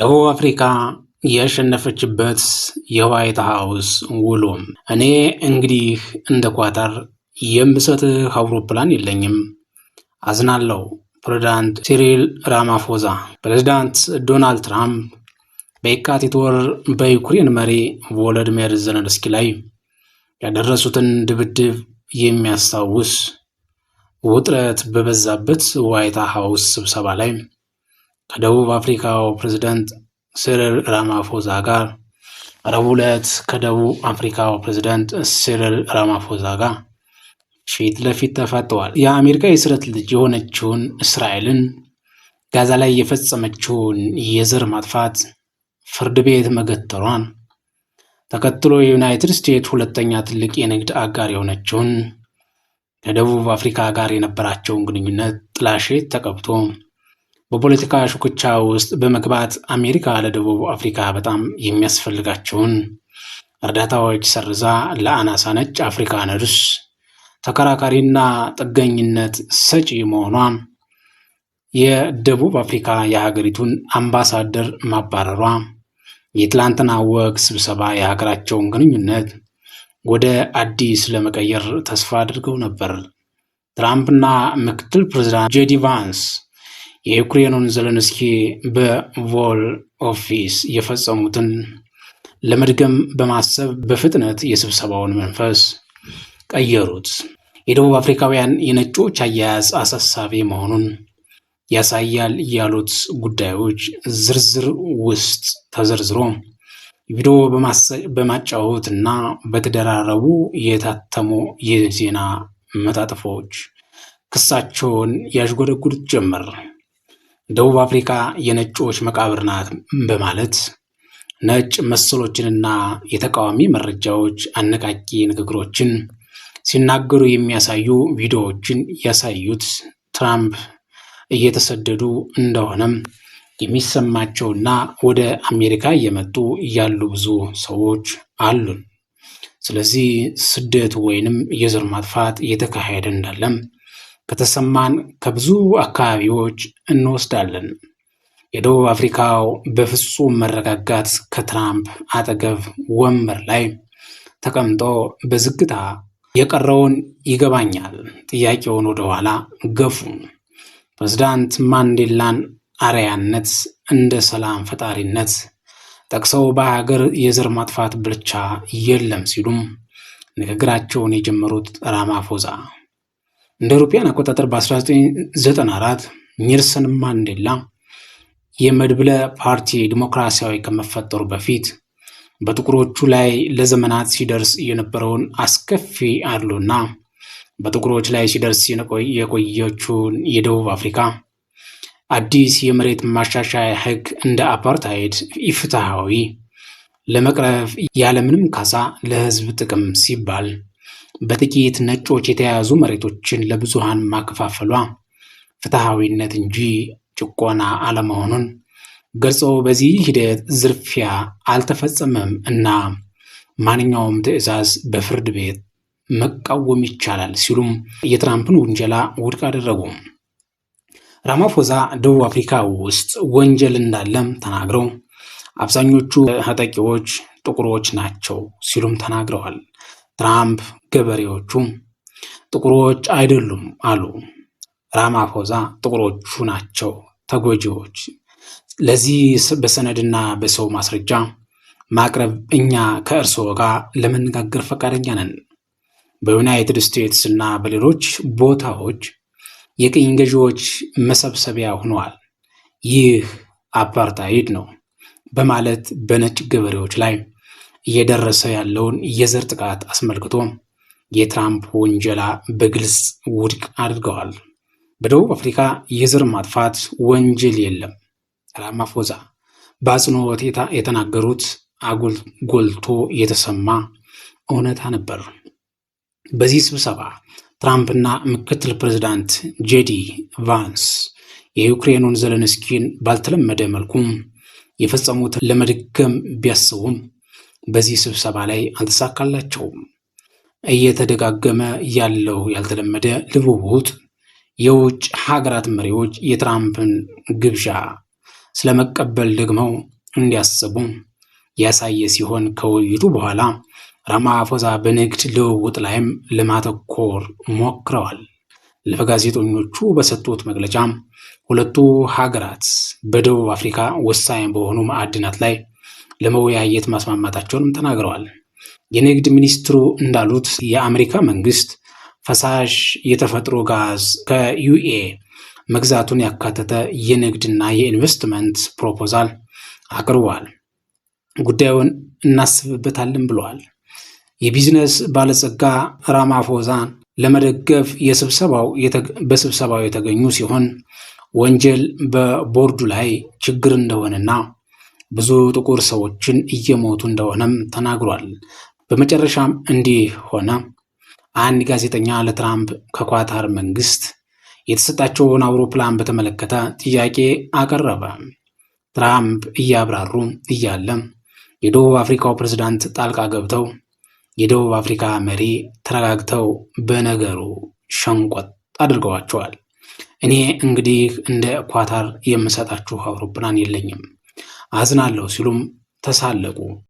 ደቡብ አፍሪካ ያሸነፈችበት የዋይት ሀውስ ውሎም እኔ እንግዲህ እንደ ኳታር የምሰጥህ አውሮፕላን የለኝም፣ አዝናለው ፕሬዚዳንት ሲሪል ራማፎዛ ፕሬዚዳንት ዶናልድ ትራምፕ በየካቲት ወር በዩክሬን መሪ ቮሎዲሚር ዘለንስኪ ላይ ያደረሱትን ድብድብ የሚያስታውስ ውጥረት በበዛበት ዋይት ሀውስ ስብሰባ ላይ ከደቡብ አፍሪካው ፕሬዝዳንት ሲሪል ራማፎዛ ጋር ረቡዕ ዕለት ከደቡብ አፍሪካው ፕሬዝዳንት ሲሪል ራማፎዛ ጋር ፊት ለፊት ተፋጠዋል። የአሜሪካ የስረት ልጅ የሆነችውን እስራኤልን ጋዛ ላይ የፈጸመችውን የዘር ማጥፋት ፍርድ ቤት መገተሯን ተከትሎ የዩናይትድ ስቴትስ ሁለተኛ ትልቅ የንግድ አጋር የሆነችውን ከደቡብ አፍሪካ ጋር የነበራቸውን ግንኙነት ጥላሸት ተቀብቶ በፖለቲካ ሹክቻ ውስጥ በመግባት አሜሪካ ለደቡብ አፍሪካ በጣም የሚያስፈልጋቸውን እርዳታዎች ሰርዛ ለአናሳ ነጭ አፍሪካነርስ ተከራካሪና ጥገኝነት ሰጪ መሆኗ የደቡብ አፍሪካ የሀገሪቱን አምባሳደር ማባረሯ የትላንትና ወግ ስብሰባ የሀገራቸውን ግንኙነት ወደ አዲስ ለመቀየር ተስፋ አድርገው ነበር። ትራምፕና ምክትል ፕሬዚዳንት ጄዲ ቫንስ የዩክሬኑን ዘለንስኪ በቮል ኦፊስ የፈጸሙትን ለመድገም በማሰብ በፍጥነት የስብሰባውን መንፈስ ቀየሩት። የደቡብ አፍሪካውያን የነጮች አያያዝ አሳሳቢ መሆኑን ያሳያል ያሉት ጉዳዮች ዝርዝር ውስጥ ተዘርዝሮ ቪዲዮ በማጫወት እና በተደራረቡ የታተሙ የዜና መጣጥፎች ክሳቸውን ያሽጎደጉድ ጀመር። ደቡብ አፍሪካ የነጮች መቃብር ናት በማለት ነጭ መሰሎችንና የተቃዋሚ መረጃዎች አነቃቂ ንግግሮችን ሲናገሩ የሚያሳዩ ቪዲዮዎችን ያሳዩት ትራምፕ እየተሰደዱ እንደሆነም የሚሰማቸውና ወደ አሜሪካ እየመጡ ያሉ ብዙ ሰዎች አሉን። ስለዚህ ስደት ወይንም የዘር ማጥፋት እየተካሄደ እንዳለም ከተሰማን ከብዙ አካባቢዎች እንወስዳለን። የደቡብ አፍሪካው በፍጹም መረጋጋት ከትራምፕ አጠገብ ወንበር ላይ ተቀምጦ በዝግታ የቀረውን ይገባኛል ጥያቄውን ወደኋላ ገፉ። ፕሬዝዳንት ማንዴላን አርያነት እንደ ሰላም ፈጣሪነት ጠቅሰው በሀገር የዘር ማጥፋት ብልቻ የለም ሲሉም ንግግራቸውን የጀመሩት ራማፎዛ እንደ አውሮፓውያን አቆጣጠር በ1994 ኔልሰን ማንዴላ የመድብለ ፓርቲ ዲሞክራሲያዊ ከመፈጠሩ በፊት በጥቁሮቹ ላይ ለዘመናት ሲደርስ የነበረውን አስከፊ አድሎና በጥቁሮች ላይ ሲደርስ የቆየችውን የደቡብ አፍሪካ አዲስ የመሬት ማሻሻያ ሕግ እንደ አፓርታይድ ኢፍትሐዊ ለመቅረፍ ያለምንም ካሳ ለሕዝብ ጥቅም ሲባል በጥቂት ነጮች የተያዙ መሬቶችን ለብዙሃን ማከፋፈሏ ፍትሐዊነት እንጂ ጭቆና አለመሆኑን ገልጾ በዚህ ሂደት ዝርፊያ አልተፈጸመም እና ማንኛውም ትዕዛዝ በፍርድ ቤት መቃወም ይቻላል ሲሉም የትራምፕን ውንጀላ ውድቅ አደረጉ። ራማፎዛ ደቡብ አፍሪካ ውስጥ ወንጀል እንዳለም ተናግረው አብዛኞቹ ተጠቂዎች ጥቁሮች ናቸው ሲሉም ተናግረዋል። ትራምፕ ገበሬዎቹ ጥቁሮች አይደሉም አሉ። ራማፎዛ ጥቁሮቹ ናቸው ተጎጂዎች፣ ለዚህ በሰነድና በሰው ማስረጃ ማቅረብ እኛ ከእርስዎ ጋር ለመነጋገር ፈቃደኛ ነን። በዩናይትድ ስቴትስ እና በሌሎች ቦታዎች የቅኝ ገዢዎች መሰብሰቢያ ሆነዋል። ይህ አፓርታይድ ነው በማለት በነጭ ገበሬዎች ላይ እየደረሰ ያለውን የዘር ጥቃት አስመልክቶ የትራምፕ ወንጀላ በግልጽ ውድቅ አድርገዋል። በደቡብ አፍሪካ የዘር ማጥፋት ወንጀል የለም። ራማፎዛ በአጽንኦት የተናገሩት አጉል ጎልቶ የተሰማ እውነታ ነበር። በዚህ ስብሰባ ትራምፕና ምክትል ፕሬዚዳንት ጄዲ ቫንስ የዩክሬኑን ዘለንስኪን ባልተለመደ መልኩም የፈጸሙት ለመድገም ቢያስቡም በዚህ ስብሰባ ላይ አልተሳካላቸውም። እየተደጋገመ ያለው ያልተለመደ ልውውጥ የውጭ ሀገራት መሪዎች የትራምፕን ግብዣ ስለመቀበል ደግመው እንዲያስቡ ያሳየ ሲሆን ከውይይቱ በኋላ ራማፎዛ በንግድ ልውውጥ ላይም ለማተኮር ሞክረዋል። ለጋዜጠኞቹ በሰጡት መግለጫ ሁለቱ ሀገራት በደቡብ አፍሪካ ወሳኝ በሆኑ ማዕድናት ላይ ለመወያየት ማስማማታቸውንም ተናግረዋል። የንግድ ሚኒስትሩ እንዳሉት የአሜሪካ መንግስት ፈሳሽ የተፈጥሮ ጋዝ ከዩኤ መግዛቱን ያካተተ የንግድና የኢንቨስትመንት ፕሮፖዛል አቅርቧል። ጉዳዩን እናስብበታለን ብለዋል። የቢዝነስ ባለጸጋ ራማፎዛን ለመደገፍ በስብሰባው የተገኙ ሲሆን ወንጀል በቦርዱ ላይ ችግር እንደሆነና ብዙ ጥቁር ሰዎችን እየሞቱ እንደሆነም ተናግሯል። በመጨረሻም እንዲህ ሆነ። አንድ ጋዜጠኛ ለትራምፕ ከኳታር መንግስት የተሰጣቸውን አውሮፕላን በተመለከተ ጥያቄ አቀረበ። ትራምፕ እያብራሩ እያለ የደቡብ አፍሪካው ፕሬዝዳንት ጣልቃ ገብተው የደቡብ አፍሪካ መሪ ተረጋግተው በነገሩ ሸንቆጥ አድርገዋቸዋል። እኔ እንግዲህ እንደ ኳታር የምሰጣችሁ አውሮፕላን የለኝም አዝናለሁ ሲሉም ተሳለቁ።